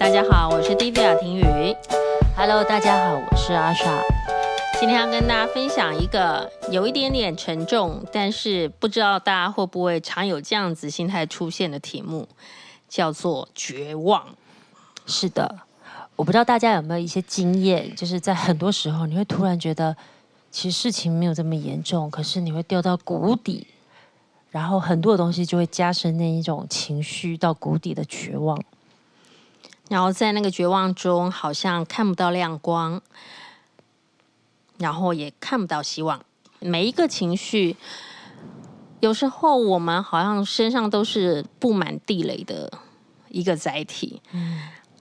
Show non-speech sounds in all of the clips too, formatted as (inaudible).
大家好，我是 Divya 婷雨。Hello，大家好，我是阿莎。今天要跟大家分享一個有一點點沉重，但是不知道大家會不會常有這樣子心態出現的題目，叫做絕望。是的，我不知道大家有沒有一些經驗，就是在很多時候你會突然覺得其實事情沒有這麼嚴重，可是你會掉到谷底，然後很多的東西就會加深那一種情緒到谷底的絕望。然後在那個絕望中，好像看不到亮光，然後也看不到希望。每一個情緒，有時候我們好像身上都是布滿地雷的一個載體。嗯、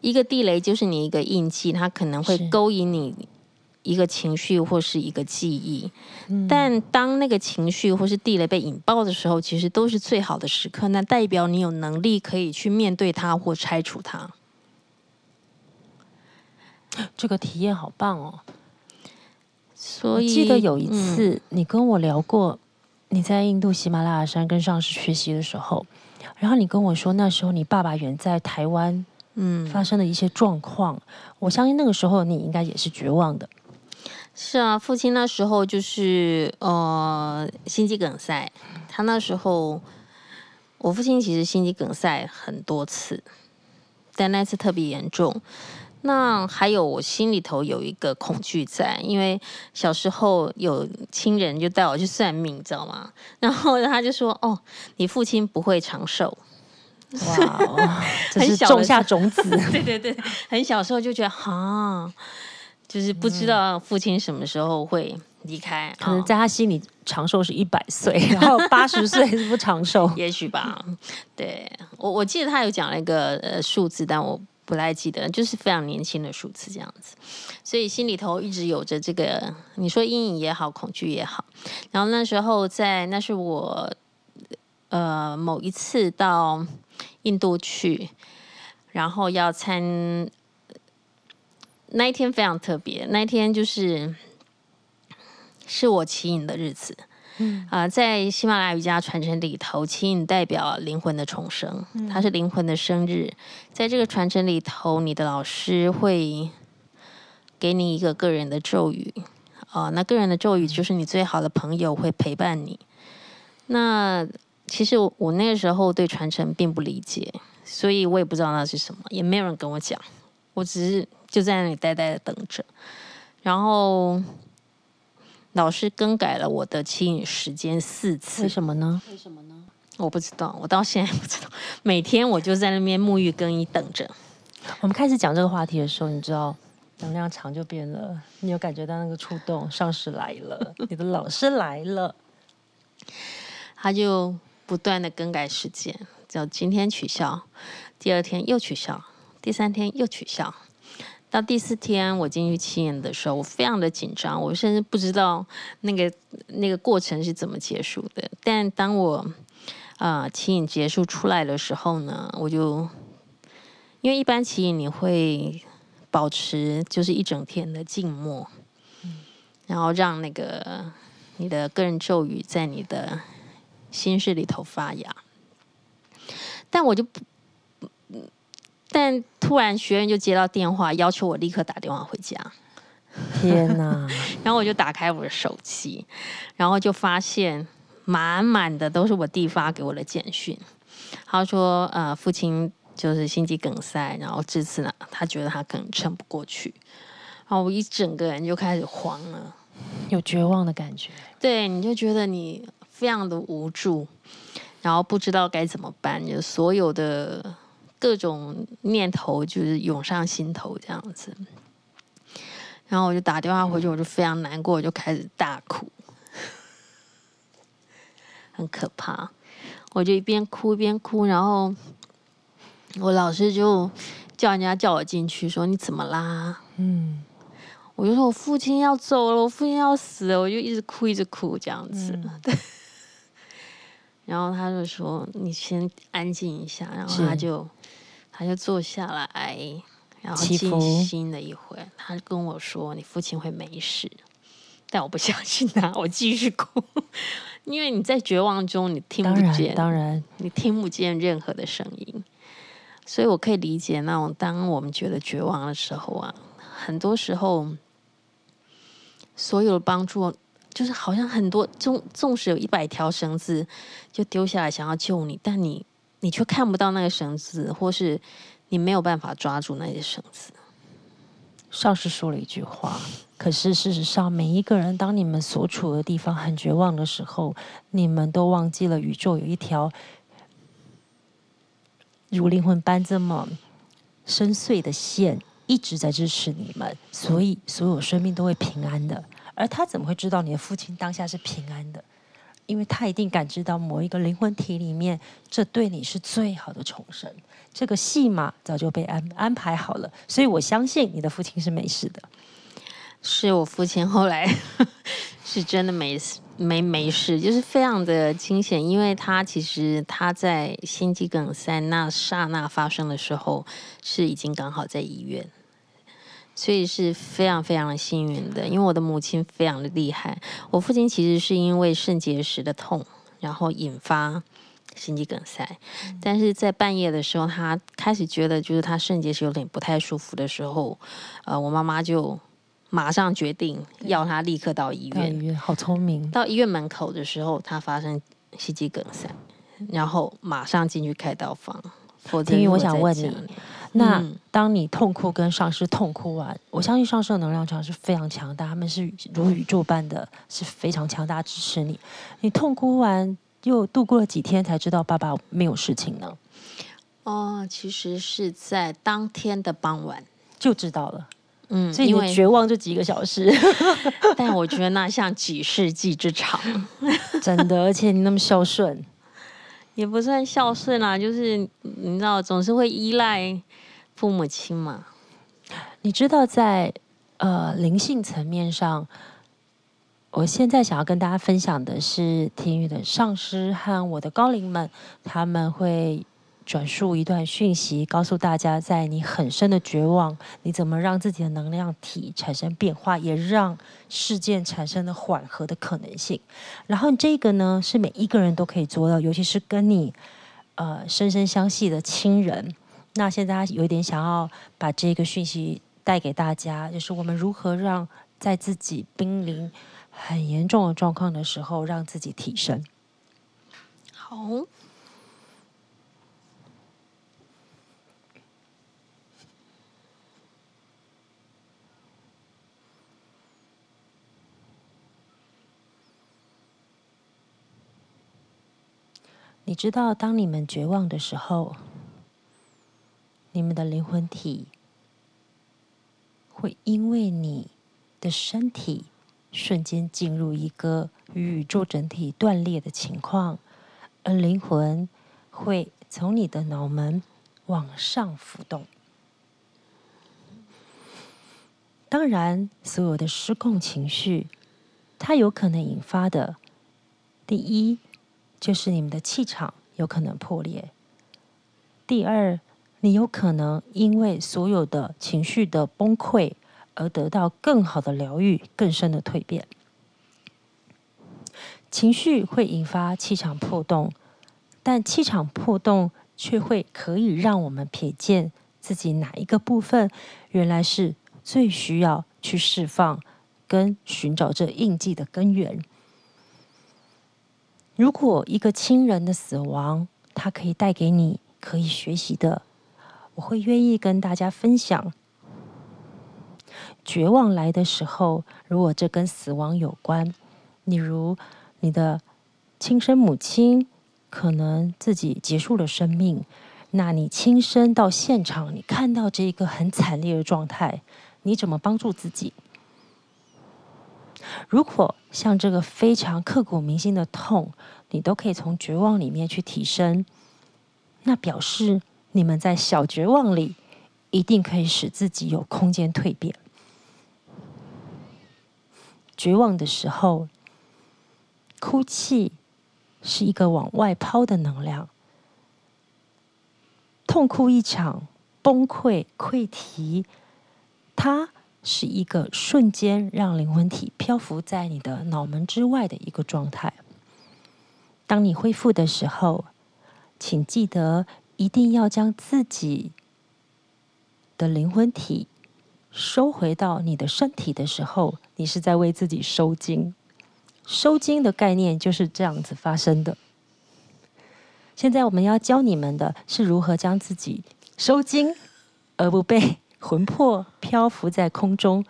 一個地雷就是你一個印記，它可能會勾引你一個情緒或是一個記憶。是但當那個情緒或是地雷被引爆的時候，其實都是最好的時刻。那代表你有能力可以去面對它或拆除它。這個體驗好棒哦！所以我記得有一次，你跟我聊過你在印度喜馬拉雅山跟上師學習的時候，然後你跟我說那時候你爸爸遠在台灣，嗯，發生了一些狀況。嗯，我相信那個時候你應該也是絕望的。是啊，父親那時候就是呃心肌梗塞，他那時候我父親其實心肌梗塞很多次，但那次特別嚴重。那還有我心裡頭有一個恐懼在，因為小時候有親人就帶我去算命，你知道嗎？然後他就說：“哦，你父親不會長壽。”哇，這是種下種子。 (laughs) (laughs) 對對對，很小時候就覺得哈、啊，就是不知道父親什麼時候會離開。哦、可能在他心裡，長壽是一百歲，然後八十歲是不長壽， (laughs) 也許吧。對，我我記得他有講了一個呃數字，但我。不太記得，就是非常年輕的數字，這樣子，所以心裡頭一直有着這個，你說陰影也好，恐懼也好。然後那時候在，那是我呃某一次到印度去，然後要參，那一天非常特別，那一天就是是我起影的日子。啊、呃，在喜馬拉雅瑜伽傳承裡頭，啟引代表靈魂的重生，它是靈魂的生日。在這個傳承裡頭，你的老師會給你一個個人的咒語，啊、呃，那個人的咒語就是你最好的朋友會陪伴你。那其實我，我那個時候對傳承並不理解，所以我也不知道那是什麼，也沒有人跟我講，我只是就在那裡呆呆的等着，然後。老師更改了我的清理時間四次，為什麼呢？為什麼呢？我不知道，我到現在還不知道。每天我就在那邊沐浴更衣等着。 (laughs) 我們開始講這個話題的時候，你知道能量場就變了，你有感覺到那個觸動，上師來了， (laughs) 你的老師來了，他就不斷的更改時間，叫今天取消，第二天又取消，第三天又取消。到第四天，我進去啟引的時候，我非常的緊張，我甚至不知道那個那個過程是怎麼結束的。但當我啊啟引結束出來的時候呢，我就因為一般啟引你會保持就是一整天的靜默，嗯、然後讓那個你的個人咒語在你的心事裡頭發芽，但我就不。但突然，學院就接到電話，要求我立刻打電話回家。天吶哪， (laughs) 然後我就打開我的手機，然後就發現滿滿的都是我弟發給我的簡訊。他說：“呃，父親就是心肌梗塞，然後這次呢，他覺得他可能撐不過去。”然後我一整個人就開始慌了，有絕望的感覺。對，你就覺得你非常的無助，然後不知道該怎麼辦，就所有的。各種念頭就是湧上心頭，這樣子。然後我就打電話回去，我就非常難過，我就開始大哭，很可怕。我就一邊哭一邊哭，然後我老師就叫人家叫我進去，說你怎麼啦？嗯，我就說我父親要走了，我父親要死了。我就一直哭一直哭這樣子。對。然後他就說：“你先安靜一下。”然後他就是他就坐下來，然後靜心了一會兒。他跟我說：“你父親會沒事。”但我不相信他，我繼續哭， (laughs) 因為你在絕望中，你聽不見，當然，當然你聽不見任何的聲音。所以，我可以理解那種當我們覺得絕望的時候啊，很多時候，所有的幫助。就是好像很多，縱縱使有一百條繩子，就丟下來想要救你，但你你卻看不到那個繩子，或是你沒有辦法抓住那些繩子。上師說了一句話，可是事實上，每一個人，當你們所處的地方很絕望的時候，你們都忘記了宇宙有一條如靈魂般這麼深邃的線一直在支持你們，所以所有生命都會平安的。而他怎麼會知道你的父親當下是平安的？因為他一定感知到某一個靈魂體裡面，這對你是最好的重生。這個戲碼早就被安安排好了，所以我相信你的父親是沒事的。是我父親後來是真的沒事，沒沒事，就是非常的驚險，因為他其實他在心肌梗塞那剎那發生的時候，是已經剛好在醫院。所以是非常非常的幸運的，因為我的母親非常的厲害。我父親其實是因為腎結石的痛，然後引發心肌梗塞。嗯、但是在半夜的時候，他開始覺得就是他腎結石有點不太舒服的時候，呃，我媽媽就馬上決定要他立刻到醫院。醫院好聰明！到醫院門口的時候，他發生心肌梗塞，然後馬上進去開刀房。天宇，我想問你。那、嗯、當你痛哭跟上師痛哭完，我相信上師的能量場是非常強大，他們是如宇宙般的是非常強大支持你。你痛哭完又度過了幾天才知道爸爸沒有事情呢？哦，其實是在當天的傍晚就知道了。嗯，所以你絕望就幾個小時，為 (laughs) 但我覺得那像幾世紀之長，真的，而且你那麼孝順。也不算孝順啦、啊，就是你知道，總是會依賴父母親嘛。你知道在，在呃靈性層面上，我現在想要跟大家分享的是，天域的上師和我的高靈們，他們會，轉述一段訊息，告訴大家，在你很深的絕望，你怎麼讓自己的能量體產生變化，也讓事件產生了緩和的可能性。然後這個呢，是每一個人都可以做到，尤其是跟你呃深深相繫的親人。那現在他有一點想要把這個訊息帶給大家，就是我們如何讓在自己瀕臨很嚴重的狀況的時候，讓自己提升。好。你知道，當你們絕望的時候，你們的靈魂體會因為你的身體瞬間進入一個與宇宙整體斷裂的情況，而靈魂會從你的腦門往上浮動。當然，所有的失控情緒，它有可能引發的，第一。就是你們的氣場有可能破裂。第二，你有可能因為所有的情緒的崩潰而得到更好的療癒、更深的蛻變。情緒會引發氣場破洞，但氣場破洞卻會可以讓我們瞥見自己哪一個部分，原來是最需要去釋放跟尋找這印記的根源。如果一個親人的死亡，他可以帶給你可以學習的，我會願意跟大家分享。絕望來的時候，如果這跟死亡有關，例如你的親生母親可能自己結束了生命，那你親身到現場，你看到這一個很慘烈的狀態，你怎麼幫助自己？如果像這個非常刻骨銘心的痛，你都可以從絕望裡面去提升，那表示你們在小絕望裡一定可以使自己有空間蛻變。絕望的時候，哭泣是一個往外拋的能量，痛哭一場，崩潰潰堤，它。是一個瞬間讓靈魂體漂浮在你的腦門之外的一個狀態。當你恢復的時候，請記得一定要將自己的靈魂體收回到你的身體的時候，你是在為自己收驚。收驚的概念就是這樣子發生的。現在我們要教你們的是如何將自己收驚，而不被魂魄，漂浮在空中，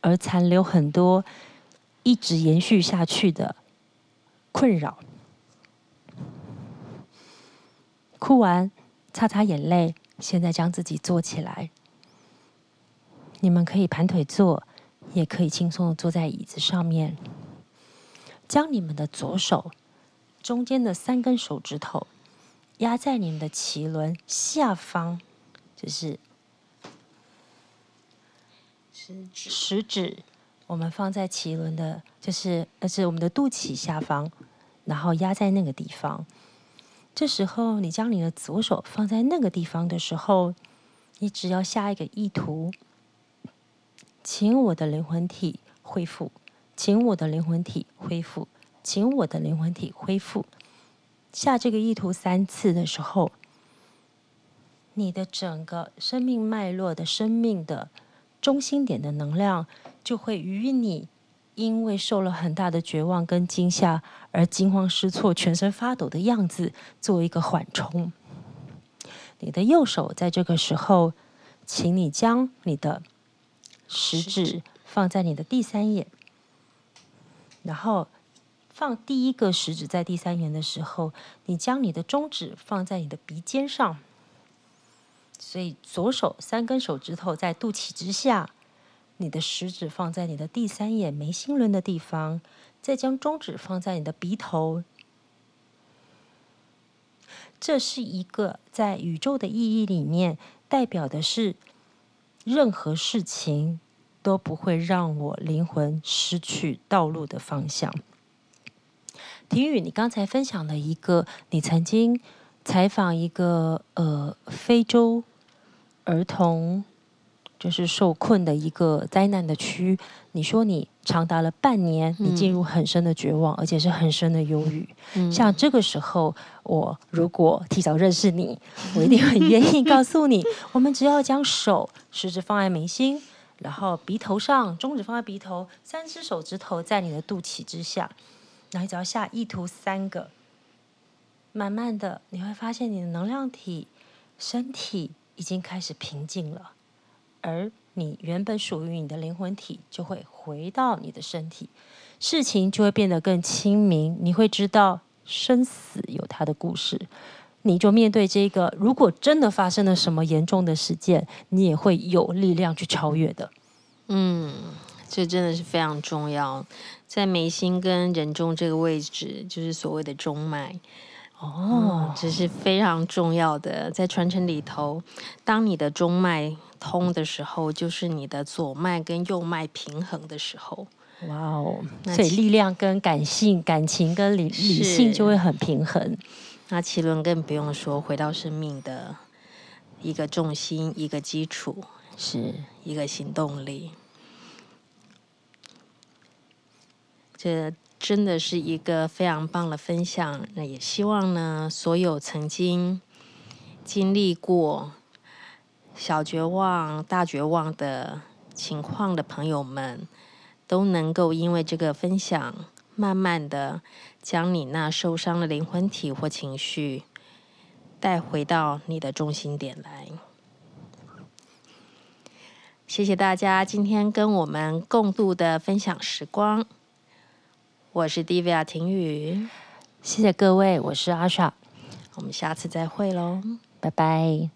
而殘留很多一直延續下去的困擾。哭完，擦擦眼淚，現在將自己坐起來。你們可以盤腿坐，也可以輕鬆的坐在椅子上面。將你們的左手中間的三根手指頭壓在你們的臍輪下方，就是。食指，食指我們放在臍輪的、就是，就是，而且我們的肚臍下方，然後壓在那個地方。這時候，你將你的左手放在那個地方的時候，你只要下一個意圖：請我的靈魂體恢復，請我的靈魂體恢復，請我的靈魂體恢復。下這個意圖三次的時候，你的整個生命脈絡的生命的中心點的能量就會與你因為受了很大的絕望跟驚嚇而驚慌失措、全身發抖的樣子做一個緩衝。你的右手在這個時候，請你將你的食指放在你的第三眼，然後放第一個食指在第三眼的時候，你將你的中指放在你的鼻尖上。所以左手三根手指頭在肚臍之下，你的食指放在你的第三眼、眉心輪的地方，再將中指放在你的鼻頭。這是一個在宇宙的意義裡面代表的是任何事情都不會讓我靈魂失去道路的方向。婷宇，你剛才分享了一個你曾經採訪一個呃非洲。兒童就是受困的一個災難的區。你說你長達了半年，你進入很深的絕望，而且是很深的憂鬱。嗯、像這個時候，我如果提早認識你，我一定很願意告訴你， (laughs) 我們只要將手食指放在眉心，然後鼻頭上，中指放在鼻頭，三只手指頭在你的肚臍之下，然後只要下意圖三個，慢慢的你會發現你的能量體、身體。已經開始平靜了，而你原本屬於你的靈魂體就會回到你的身體，事情就會變得更清明。你會知道生死有它的故事，你就面對這個。如果真的發生了什麼嚴重的事件，你也會有力量去超越的。嗯，這真的是非常重要，在眉心跟人中這個位置，就是所謂的中脈。哦、嗯，這是非常重要的，在傳承裡頭，當你的中脈通的時候，就是你的左脈跟右脈平衡的時候。哇哦 Wow, 其，所以力量跟感性、感情跟理是理性就會很平衡。那臍輪更不用說，回到生命的一個重心、一個基礎，是一個行動力。這。真的是一個非常棒的分享。那也希望呢，所有曾經經歷過小絕望、大絕望的情況的朋友們，都能夠因為這個分享，慢慢的將你那受傷的靈魂體或情緒帶回到你的中心點來。謝謝大家今天跟我們共度的分享時光。我是 Divya 婷雨，謝謝各位，我是 Asha，我們下次再會嘍，拜拜。